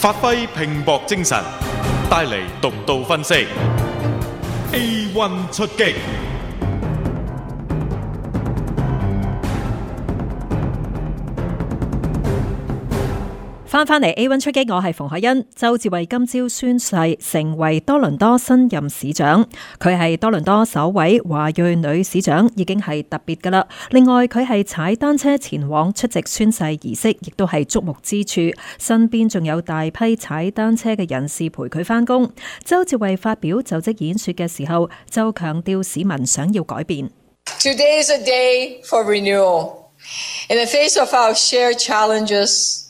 發揮拼搏精神，帶嚟獨到分析。A1 出擊。翻返嚟 A1 出擊，我係馮凱欣。鄒至蕙今朝宣誓成為多倫多新任市長，佢係多倫多首位華裔女市長，已經係特別噶啦。另外佢係踩單車前往出席宣誓儀式，亦都係矚目之處。身邊仲有大批踩單車嘅人士陪佢返工。鄒至蕙發表就職演說嘅時候，就強調市民想要改變。Today is a day for renewal. In the face of our shared challenges.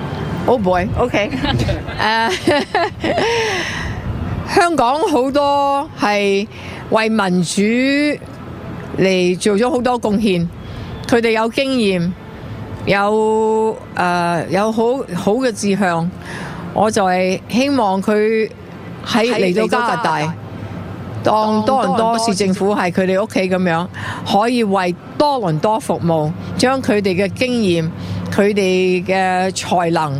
好 boy，OK，誒，香港好多係為民主嚟做咗好多貢獻，佢哋有經驗，有誒有好好嘅志向，我就係希望佢喺嚟到加拿大，當多倫多市政府係佢哋屋企咁樣，可以為多倫多服務，將佢哋嘅經驗、佢哋嘅才能，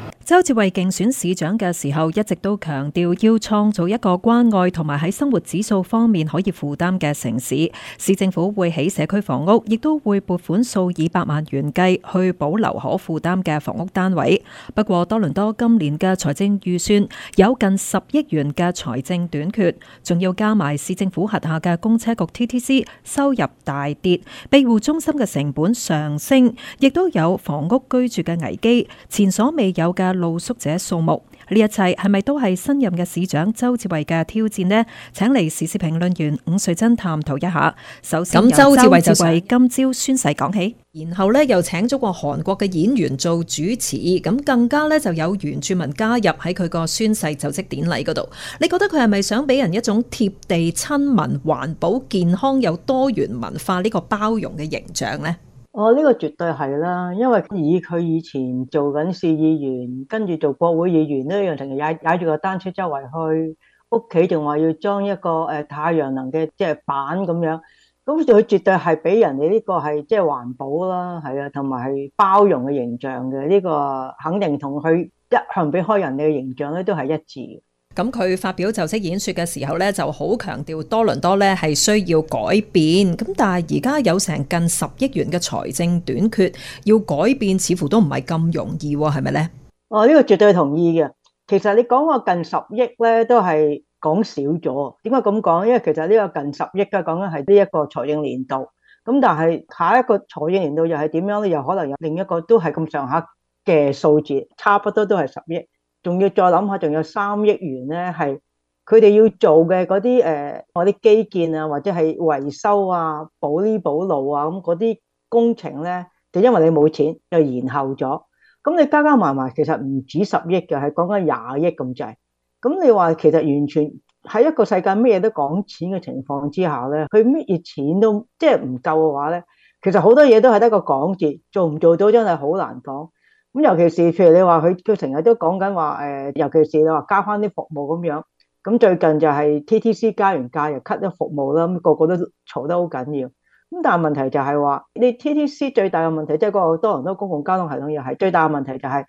鄒至蕙競選市長嘅時候，一直都強調要創造一個關愛同埋喺生活指數方面可以負擔嘅城市。市政府會起社區房屋，亦都會撥款數以百萬元計去保留可負擔嘅房屋單位。不過，多倫多今年嘅財政預算有近十億元嘅財政短缺，仲要加埋市政府轄下嘅公車局 TTC 收入大跌、庇護中心嘅成本上升，亦都有房屋居住嘅危機，前所未有嘅。露宿者數目，呢一切係咪都係新任嘅市長鄒至蕙嘅挑戰呢？請嚟時事評論員伍瑞珍探討一下。首先咁鄒至蕙就為今朝宣誓講起，然後咧，又請咗個韓國嘅演員做主持，咁更加咧，就有原住民加入喺佢個宣誓就職典禮嗰度。你覺得佢係咪想俾人一種貼地親民、環保、健康又多元文化呢個包容嘅形象呢？哦，呢、這個絕對係啦，因為以佢以前做緊市議員，跟住做國會議員呢一樣，成日踩踩住個單車周圍去屋企，仲話要裝一個誒太陽能嘅即係板咁樣，咁、嗯、佢絕對係俾人哋呢個係即係環保啦，係啊，同埋係包容嘅形象嘅呢、這個肯定同佢一向俾開人哋嘅形象咧都係一致。咁佢發表就職演說嘅時候咧，就好強調多倫多咧係需要改變。咁但係而家有成近十億元嘅財政短缺，要改變似乎都唔係咁容易，係咪咧？哦，呢個絕對同意嘅。其實你講個近十億咧，都係講少咗。點解咁講？因為其實呢個近十億嘅講緊係呢一個財政年度。咁但係下一個財政年度又係點樣咧？又可能有另一個都係咁上下嘅數字，差不多都係十億。仲要再諗下，仲有三億元咧，係佢哋要做嘅嗰啲誒，我、呃、啲基建啊，或者係維修啊、補呢補路啊咁嗰啲工程咧，就因為你冇錢，又延後咗。咁你加加埋埋，其實唔止十億嘅，係講緊廿億咁滯。咁你話其實完全喺一個世界咩嘢都講錢嘅情況之下咧，佢乜嘢錢都即係唔夠嘅話咧，其實好多嘢都係得個講字，做唔做到真係好難講。咁尤其是，譬如你話佢佢成日都講緊話誒，尤其是你話加翻啲服務咁樣。咁最近就係 T T C 加完價又 cut 咗服務啦，個個都嘈得好緊要。咁但係問題就係話，你 T T C 最大嘅問題即係個多倫多公共交通系統又係最大嘅問題、就係，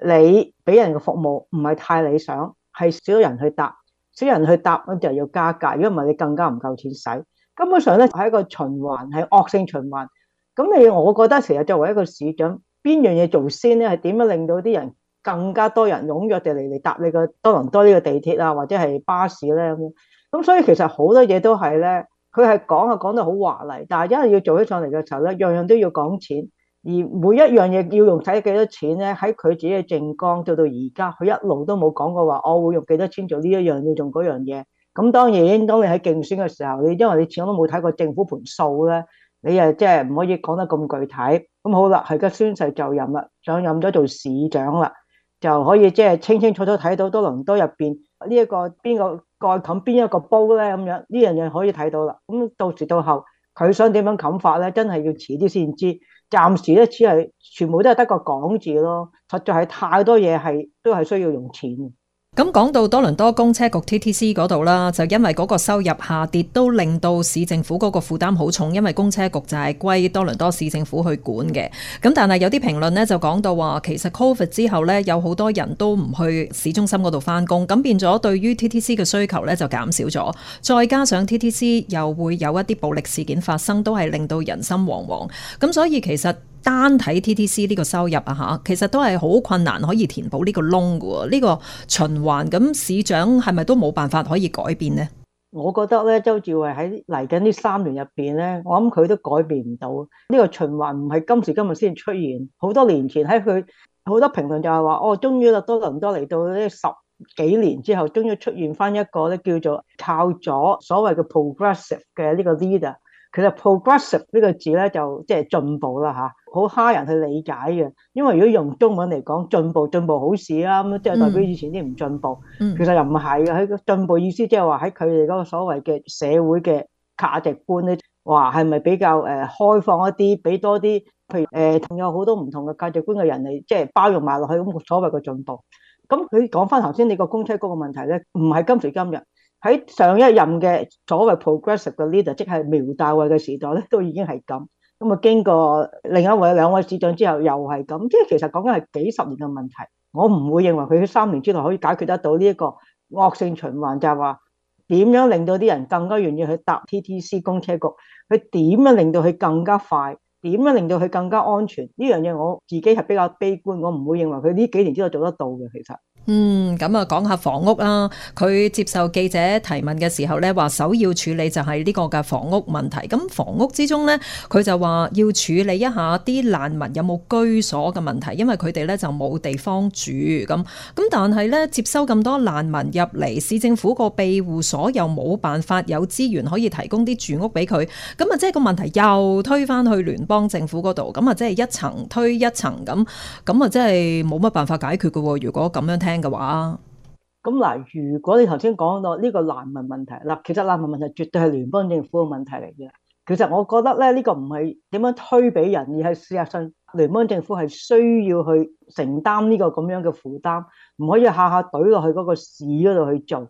就係你俾人嘅服務唔係太理想，係少人去搭，少人去搭咁就要加價，如果唔係你更加唔夠錢使。根本上咧係一個循環，係惡性循環。咁你我覺得成日作為一個市長。邊樣嘢做先咧？係點樣令到啲人更加多人踴躍地嚟嚟搭你個多倫多呢個地鐵啊，或者係巴士咧咁樣？咁所以其實好多嘢都係咧，佢係講啊講得好華麗，但係一係要做起上嚟嘅時候咧，樣樣都要講錢，而每一樣嘢要用睇幾多錢咧？喺佢自己嘅政綱到到而家，佢一路都冇講過話我會用幾多錢做呢一樣要做嗰樣嘢。咁當然，當你喺競選嘅時候，你因為你始終都冇睇過政府盤數咧，你又即係唔可以講得咁具體。咁好啦，係家宣誓就任啦，上任咗做市長啦，就可以即係清清楚楚睇到多倫多入邊呢一個邊個蓋冚邊一個煲咧，咁樣呢樣嘢可以睇到啦。咁到時到后佢想點樣冚法咧，真係要遲啲先知。暫時咧只係全部都係得個講字咯，實在係太多嘢係都係需要用錢。咁講到多倫多公車局 TTC 嗰度啦，就因為嗰個收入下跌，都令到市政府嗰個負擔好重，因為公車局就係歸多倫多市政府去管嘅。咁但係有啲評論呢，就講到話，其實 Covid 之後呢，有好多人都唔去市中心嗰度返工，咁變咗對於 TTC 嘅需求呢就減少咗，再加上 TTC 又會有一啲暴力事件發生，都係令到人心惶惶。咁所以其實。單睇 TTC 呢個收入啊嚇，其實都係好困難，可以填補呢個窿嘅喎，呢個循環，咁市長係咪都冇辦法可以改變咧？我覺得咧，鄒至蕙喺嚟緊呢三年入邊咧，我諗佢都改變唔到呢個循環，唔係今時今日先出現，好多年前喺佢好多評論就係話，哦，終於啦，多倫多嚟到呢十幾年之後，終於出現翻一個咧叫做靠左所謂嘅 progressive 嘅呢個 leader。其實 progressive 呢個字咧就即係進步啦嚇。啊好蝦人去理解嘅，因為如果用中文嚟講，進步進步好事啦，啊，咁即係代表以前啲唔進步。嗯、其實又唔係嘅，喺個進步意思，即係話喺佢哋嗰個所謂嘅社會嘅價值觀咧，話係咪比較誒開放一啲，俾多啲譬如誒，仲、呃、有好多唔同嘅價值觀嘅人嚟，即、就、係、是、包容埋落去咁，所謂嘅進步。咁佢講返頭先你個公車嗰個問題咧，唔係今時今日喺上一任嘅所謂 progressive 嘅 leader，即係苗大衛嘅時代咧，都已經係咁。咁啊，經過另一位兩位市長之後，又係咁，即係其實講緊係幾十年嘅問題。我唔會認為佢喺三年之內可以解決得到呢一個惡性循環，就係話點樣令到啲人更加願意去搭 TTC 公車局，佢點樣令到佢更加快，點樣令到佢更加安全呢樣嘢，我自己係比較悲觀，我唔會認為佢呢幾年之內做得到嘅，其實。嗯，咁啊，講下房屋啦。佢接受記者提問嘅時候咧，話首要處理就係呢個嘅房屋問題。咁房屋之中咧，佢就話要處理一下啲難民有冇居所嘅問題，因為佢哋咧就冇地方住。咁咁，但係咧接收咁多難民入嚟，市政府個庇護所又冇辦法有資源可以提供啲住屋俾佢。咁啊，即係個問題又推返去聯邦政府度。咁啊，即係一層推一層咁，咁啊，即係冇乜辦法解決嘅。如果咁樣聽嘅話，咁嗱，如果你頭先講到呢個難民問題，嗱，其實難民問題絕對係聯邦政府嘅問題嚟嘅。其實我覺得咧，呢個唔係點樣推俾人，而係事實上，聯邦政府係需要去承擔呢個咁樣嘅負擔，唔可以下下懟落去嗰個市嗰度去做。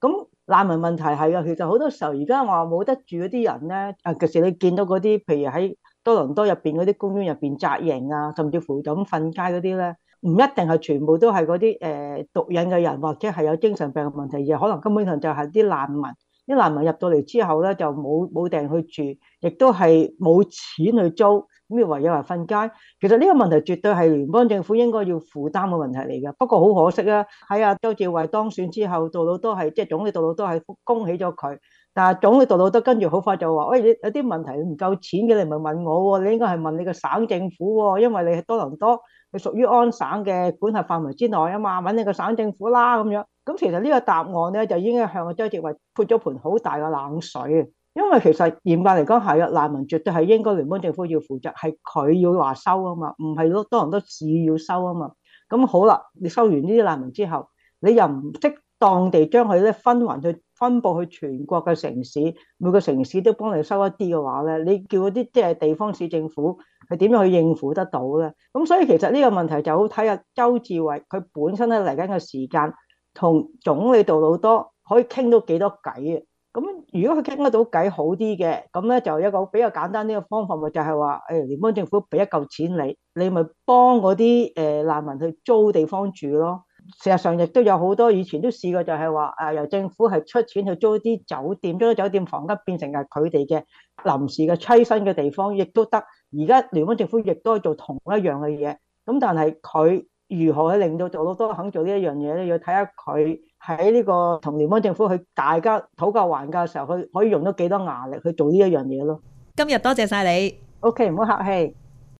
咁、嗯、難民問題係啊，其實好多時候而家話冇得住嗰啲人咧，尤其是你見到嗰啲，譬如喺多倫多入邊嗰啲公園入邊紮營啊，甚至乎就咁瞓街嗰啲咧。唔一定係全部都係嗰啲誒毒癮嘅人，或者係有精神病嘅問題，而可能根本上就係啲難民，啲難民入到嚟之後咧就冇冇埞去住，亦都係冇錢去租，咁就唯有係瞓街。其實呢個問題絕對係聯邦政府應該要負擔嘅問題嚟嘅。不過好可惜啊，喺阿鄒至蕙當選之後，度度都係即係總理度度都係恭喜咗佢。但係總理杜魯多都跟住，好快就話，喂，你有啲問題唔夠錢嘅，你唔係問我喎、啊，你應該係問你個省政府喎、啊，因為你係多倫多，你屬於安省嘅管轄範圍之內啊嘛，揾你個省政府啦、啊、咁樣。咁其實呢個答案咧，就應該向鄒至蕙潑咗盆好大嘅冷水，因為其實嚴格嚟講，係呀難民絕對係應該聯邦政府要負責，係佢要話收啊嘛，唔係咯，多倫多市要收啊嘛。咁好啦，你收完呢啲難民之後，你又唔適當地將佢咧分還去。分布去全國嘅城市，每個城市都幫你收一啲嘅話咧，你叫嗰啲即係地方市政府係點樣去應付得到咧？咁所以其實呢個問題就好睇下、啊、鄒至蕙佢本身咧嚟緊嘅時間同總理杜魯多可以傾到幾多偈啊？咁如果佢傾得到偈好啲嘅，咁咧就一個比較簡單呢個方法咪就係話，誒、欸、聯邦政府俾一嚿錢你，你咪幫嗰啲誒難民去租地方住咯。事實上亦都有好多以前都試過，就係話誒由政府係出錢去租啲酒店，租啲酒店房間變成係佢哋嘅臨時嘅棲身嘅地方，亦都得。而家聯邦政府亦都係做同一樣嘅嘢，咁但係佢如何去令到做到多肯做呢一樣嘢咧，要睇下佢喺呢個同聯邦政府去大家討價還價嘅時候，佢可以用到幾多牙力去做呢一樣嘢咯。今日多謝晒你，OK 唔好客氣。